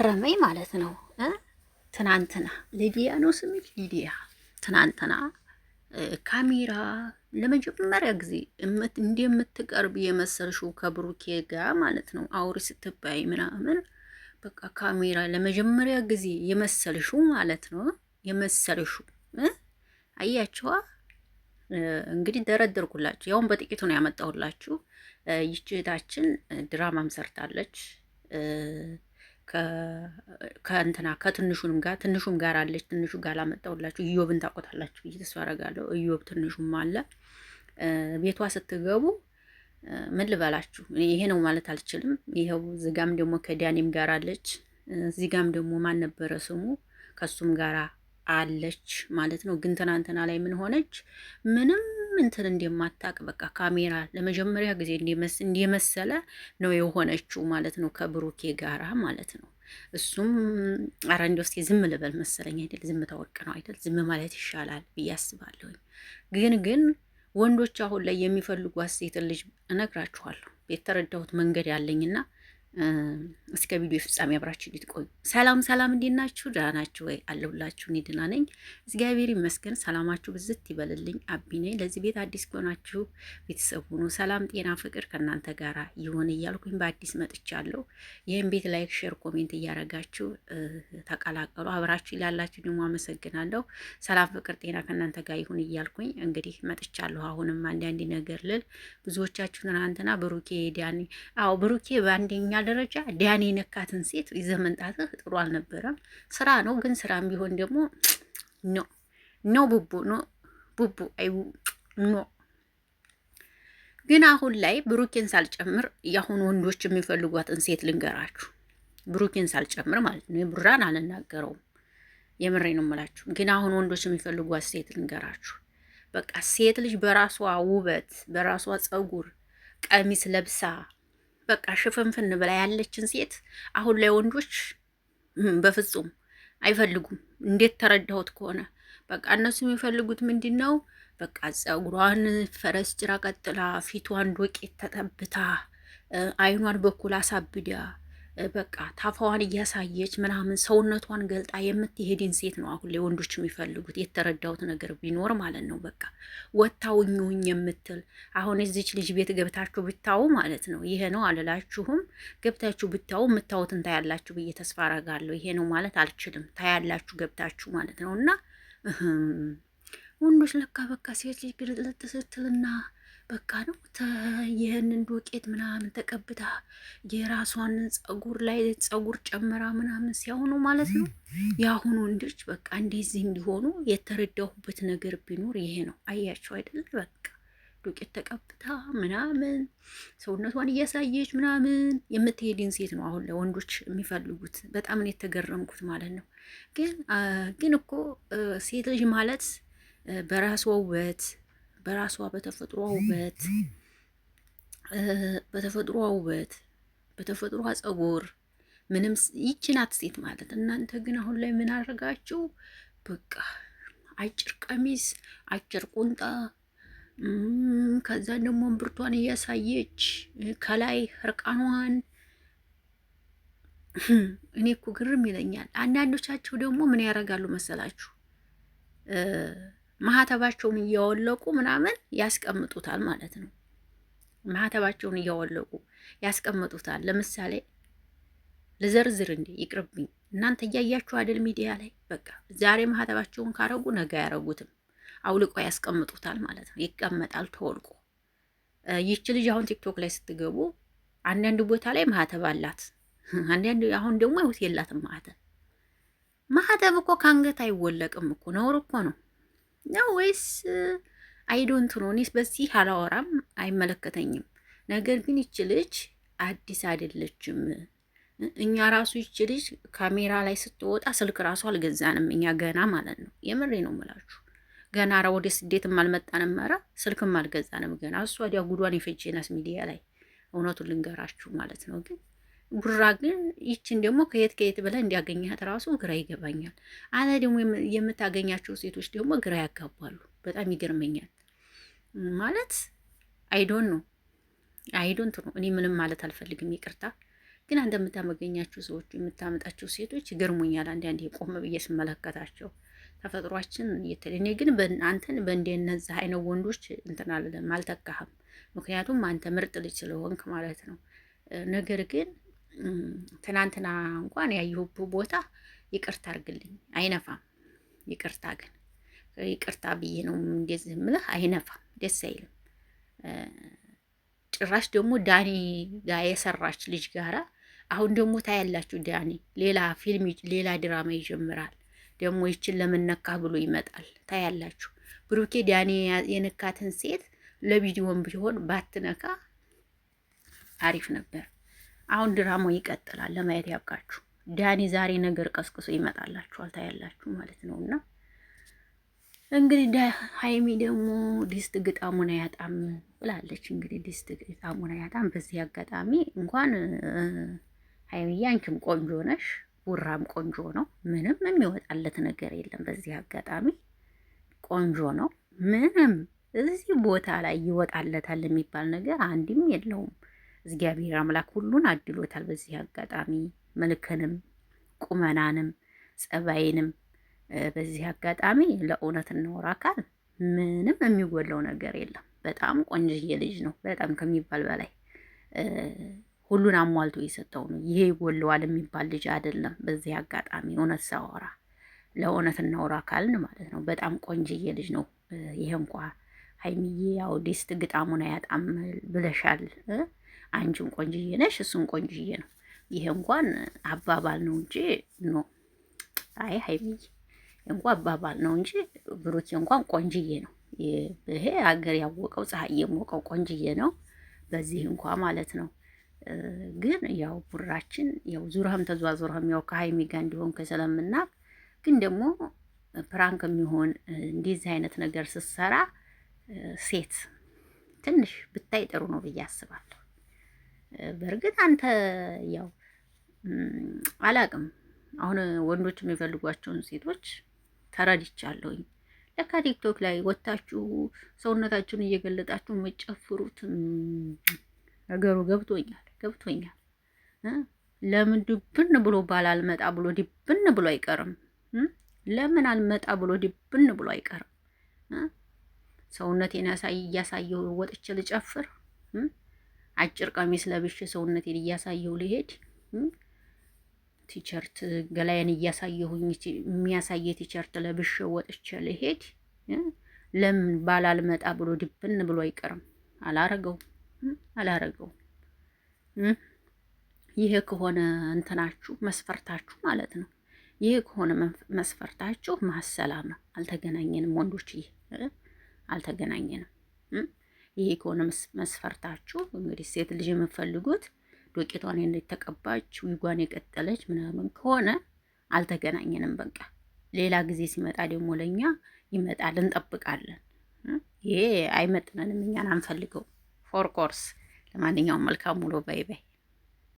ገረመኝ ማለት ነው። ትናንትና ሊዲያ ነው ስምሽ፣ ሊዲያ ትናንትና ካሜራ ለመጀመሪያ ጊዜ እንደምትቀርብ የመሰልሽው ከብሩኬ ጋር ማለት ነው። አውሪ ስትባይ ምናምን በቃ ካሜራ ለመጀመሪያ ጊዜ የመሰልሽው ማለት ነው። የመሰልሽው አያችዋ። እንግዲህ ደረደርኩላችሁ። ያውን በጥቂቱ ነው ያመጣሁላችሁ። ይችታችን ድራማም ሰርታለች። ከእንትና ከትንሹንም ጋር ትንሹም ጋር አለች። ትንሹ ጋር ላመጣውላችሁ እዮብን ታቆታላችሁ ብዬ ተስፋ አደርጋለሁ። እዮብ ትንሹም አለ። ቤቷ ስትገቡ ምን ልበላችሁ፣ ይሄ ነው ማለት አልችልም። ይኸው ዝጋም ደግሞ ከዳኒም ጋር አለች። ዚጋም ደግሞ ማን ነበረ ስሙ ከሱም ጋራ አለች ማለት ነው። ግን ትናንትና ላይ ምን ሆነች? ምንም እንትን እንደማታቅ በቃ ካሜራ ለመጀመሪያ ጊዜ እንደመሰለ ነው የሆነችው ማለት ነው፣ ከብሩኬ ጋራ ማለት ነው። እሱም ኧረ እንደው እስኪ ዝም ልበል መሰለኝ አይደል? ዝም ታወቅ ነው አይደል? ዝም ማለት ይሻላል ብዬ አስባለሁኝ። ግን ግን ወንዶች አሁን ላይ የሚፈልጓት ሴትን ልጅ እነግራችኋለሁ የተረዳሁት መንገድ ያለኝና እስከ ቪዲዮ ፍጻሜ አብራችሁ እንድትቆዩ። ሰላም ሰላም፣ እንዴት ናችሁ? ደህና ናችሁ ወይ? አለሁላችሁ። እኔ ደህና ነኝ፣ እግዚአብሔር ይመስገን። ሰላማችሁ ብዝት ይበልልኝ። አቢ ነኝ። ለዚህ ቤት አዲስ ከሆናችሁ ቤተሰብ ሁኑ። ሰላም፣ ጤና፣ ፍቅር ከእናንተ ጋራ ይሁን እያልኩኝ በአዲስ መጥቻለሁ። ይህም ቤት ላይክ፣ ሼር፣ ኮሜንት እያደረጋችሁ ተቀላቀሉ። አብራችሁ ላላችሁ ደግሞ አመሰግናለሁ። ሰላም፣ ፍቅር፣ ጤና ከእናንተ ጋር ይሁን እያልኩኝ እንግዲህ መጥቻለሁ። አሁንም አንዳንድ ነገር ልል ብዙዎቻችሁ ትናንትና ብሩኬ ዳኒ፣ አዎ ብሩኬ በአንደኛ ደረጃ ዲያን የነካትን ሴት ይዘህ መምጣትህ ጥሩ አልነበረም። ስራ ነው ግን ስራም ቢሆን ደግሞ ኖ ኖ ቡቡ ኖ ቡቡ አይ ኖ። ግን አሁን ላይ ብሩኬን ሳልጨምር የአሁኑ ወንዶች የሚፈልጓትን ሴት ልንገራችሁ። ብሩኬን ሳልጨምር ማለት ነው። ብራን አልናገረውም። የምሬ ነው የምላችሁ። ግን አሁን ወንዶች የሚፈልጓት ሴት ልንገራችሁ። በቃ ሴት ልጅ በራሷ ውበት በራሷ ፀጉር ቀሚስ ለብሳ በቃ ሽፍንፍን ብላ ያለችን ሴት አሁን ላይ ወንዶች በፍጹም አይፈልጉም። እንዴት ተረዳሁት ከሆነ በቃ እነሱ የሚፈልጉት ምንድን ነው? በቃ ጸጉሯን ፈረስ ጭራ ቀጥላ፣ ፊቷን ዶቄት ተጠብታ፣ አይኗን በኩል አሳብዳ በቃ ታፋዋን እያሳየች ምናምን ሰውነቷን ገልጣ የምትሄድን ሴት ነው አሁን ላይ ወንዶች የሚፈልጉት። የተረዳሁት ነገር ቢኖር ማለት ነው በቃ ወታውኝውኝ የምትል አሁን እዚች ልጅ ቤት ገብታችሁ ብታው ማለት ነው ይሄ ነው አልላችሁም። ገብታችሁ ብታው የምታወትን ታያላችሁ ብዬ ተስፋ አረጋለሁ። ይሄ ነው ማለት አልችልም። ታያላችሁ ገብታችሁ ማለት ነው እና ወንዶች ለካ በቃ ሴት ልጅ ግልጥ ስትልና በቃ ነው ይህንን ዶቄት ምናምን ተቀብታ የራሷን ጸጉር ላይ ጸጉር ጨምራ ምናምን ሲያሆኑ ማለት ነው የአሁኑ ወንዶች በቃ እንደዚህ እንዲሆኑ የተረዳሁበት ነገር ቢኖር ይሄ ነው። አያቸው አይደለ? በቃ ዱቄት ተቀብታ ምናምን ሰውነቷን እያሳየች ምናምን የምትሄድን ሴት ነው አሁን ላይ ወንዶች የሚፈልጉት። በጣም ነው የተገረምኩት ማለት ነው። ግን ግን እኮ ሴት ልጅ ማለት በራሷ ውበት በራሷ በተፈጥሮ ውበት በተፈጥሯ ውበት በተፈጥሮ ጸጉር ምንም ይችናት ሴት ማለት። እናንተ ግን አሁን ላይ ምን አድርጋችሁ በቃ አጭር ቀሚስ፣ አጭር ቁንጣ ከዛ ደግሞ እምብርቷን እያሳየች ከላይ እርቃኗን። እኔ እኮ ግርም ይለኛል። አንዳንዶቻቸው ደግሞ ምን ያደርጋሉ መሰላችሁ? ማህተባቸውን እያወለቁ ምናምን ያስቀምጡታል ማለት ነው። ማህተባቸውን እያወለቁ ያስቀምጡታል። ለምሳሌ ልዘርዝር እንዴ ይቅርብኝ። እናንተ እያያችሁ አይደል ሚዲያ ላይ በቃ ዛሬ ማህተባቸውን ካረጉ ነገ አያረጉትም። አውልቆ ያስቀምጡታል ማለት ነው። ይቀመጣል ተወልቆ። ይች ልጅ አሁን ቲክቶክ ላይ ስትገቡ አንዳንድ ቦታ ላይ ማህተብ አላት፣ አንዳንድ አሁን ደግሞ የላትም ማህተብ። ማህተብ እኮ ከአንገት አይወለቅም እኮ ነውር እኮ ነው። ነው ወይስ አይዶንት ነው? እኔስ በዚህ አላወራም፣ አይመለከተኝም። ነገር ግን ይች ልጅ አዲስ አይደለችም። እኛ ራሱ ይች ልጅ ካሜራ ላይ ስትወጣ ስልክ ራሱ አልገዛንም እኛ ገና ማለት ነው። የምሬ ነው ምላችሁ ገና ራ ወደ ስደትም አልመጣንም፣ ኧረ ስልክም አልገዛንም ገና። እሷ ጉዷን የፈጀናስ ሚዲያ ላይ እውነቱን ልንገራችሁ ማለት ነው ግን ጉራ ግን ይችን ደግሞ ከየት ከየት ብለ እንዲያገኛት ራሱ ግራ ይገባኛል። አና ደግሞ የምታገኛቸው ሴቶች ደግሞ ግራ ያጋባሉ። በጣም ይገርመኛል። ማለት አይዶን ነው አይዶንት ነው። እኔ ምንም ማለት አልፈልግም፣ ይቅርታ ግን አንተ የምታመገኛቸው ሰዎች የምታመጣቸው ሴቶች ይገርሙኛል። አንዳንዴ ቆም ብዬ ስመለከታቸው ተፈጥሯችን እየተለ እኔ ግን አንተን በእንደነዚህ አይነት ወንዶች እንትን አልልም፣ አልተካህም። ምክንያቱም አንተ ምርጥ ልጅ ስለሆንክ ማለት ነው። ነገር ግን ትናንትና እንኳን ያየሁብ ቦታ ይቅርታ አርግልኝ አይነፋም። ይቅርታ ግን ይቅርታ ብዬ ነው እንደዚህ የምልህ፣ አይነፋም፣ ደስ አይልም። ጭራሽ ደግሞ ዳኒ ጋር የሰራች ልጅ ጋራ አሁን ደግሞ ታያላችሁ። ዳኒ ሌላ ፊልም ሌላ ድራማ ይጀምራል። ደግሞ ይችን ለመነካ ብሎ ይመጣል። ታያላችሁ። ብሩኬ ዳኒ የነካትን ሴት ለቪዲዮም ቢሆን ባትነካ አሪፍ ነበር። አሁን ድራማው ይቀጥላል። ለማየት ያብቃችሁ። ዳኒ ዛሬ ነገር ቀስቅሶ ይመጣላችኋል፣ ታያላችሁ ማለት ነው። እና እንግዲህ ሀይሚ ደግሞ ዲስት ግጣሙን አያጣም ብላለች። እንግዲህ ዲስት ግጣሙን አያጣም። በዚህ አጋጣሚ እንኳን ሀይሚዬ አንቺም ቆንጆ ነሽ፣ ቡራም ቆንጆ ነው። ምንም የሚወጣለት ነገር የለም። በዚህ አጋጣሚ ቆንጆ ነው። ምንም እዚህ ቦታ ላይ ይወጣለታል የሚባል ነገር አንድም የለውም። እግዚአብሔር አምላክ ሁሉን አድሎታል። በዚህ አጋጣሚ መልክንም፣ ቁመናንም፣ ጸባይንም በዚህ አጋጣሚ ለእውነት እናወራ አካል ምንም የሚጎለው ነገር የለም። በጣም ቆንጅዬ ልጅ ነው። በጣም ከሚባል በላይ ሁሉን አሟልቶ የሰጠው ነው። ይሄ ይጎለዋል የሚባል ልጅ አይደለም። በዚህ አጋጣሚ እውነት ሳወራ ለእውነት እናውራ አካልን ማለት ነው። በጣም ቆንጅዬ ልጅ ነው። ይሄ እንኳ ሀይሚዬ ያው ዲስት ግጣሙን አያጣም ብለሻል። አንቺን ቆንጅዬ ነሽ፣ እሱን ቆንጅዬ ነው። ይሄ እንኳን አባባል ነው እንጂ ኖ አይ ሀይሚዬ እንኳ አባባል ነው እንጂ ብሩኬ እንኳን ቆንጅዬ ነው። ይሄ ሀገር ያወቀው ፀሐይ የሞቀው ቆንጅዬ ነው። በዚህ እንኳ ማለት ነው። ግን ያው ቡራችን ያው ዙርህም ተዟዙርህም ያው ከሀይሚ ጋር እንዲሆን ከሰለምና ግን ደግሞ ፕራንክ የሚሆን እንደዚህ አይነት ነገር ስትሰራ ሴት ትንሽ ብታይ ጥሩ ነው ብዬ አስባለሁ። በእርግጥ አንተ ያው አላቅም አሁን ወንዶች የሚፈልጓቸውን ሴቶች ተረድቻለሁኝ። ለካ ቲክቶክ ላይ ወታችሁ ሰውነታችሁን እየገለጣችሁ የምጨፍሩት ነገሩ ገብቶኛል ገብቶኛል። ለምን ድብን ብሎ ባል አልመጣ ብሎ ድብን ብሎ አይቀርም? ለምን አልመጣ ብሎ ድብን ብሎ አይቀርም? ሰውነቴን ያሳይ እያሳየሁ ወጥቼ ልጨፍር አጭር ቀሚስ ለብሼ ሰውነቴን እያሳየሁ ልሄድ ቲሸርት ገላዬን እያሳየሁኝ የሚያሳየ ቲሸርት ለብሼ ወጥቼ ልሄድ ለምን ባላልመጣ ብሎ ድብን ብሎ አይቀርም። አላረገው አላረገው። ይሄ ከሆነ እንትናችሁ መስፈርታችሁ ማለት ነው። ይሄ ከሆነ መስፈርታችሁ ማሰላም ነው። አልተገናኘንም ወንዶች፣ ይሄ አልተገናኘንም። ይሄ ከሆነ መስፈርታችሁ እንግዲህ ሴት ልጅ የምፈልጉት ዶቄቷን የተቀባች ዊጓን የቀጠለች ምናምን ከሆነ አልተገናኘንም። በቃ ሌላ ጊዜ ሲመጣ ደግሞ ለእኛ ይመጣል፣ እንጠብቃለን። ይሄ አይመጥነንም፣ እኛን አንፈልገው። ፎር ኮርስ ለማንኛውም መልካም ውሎ። ባይ ባይ።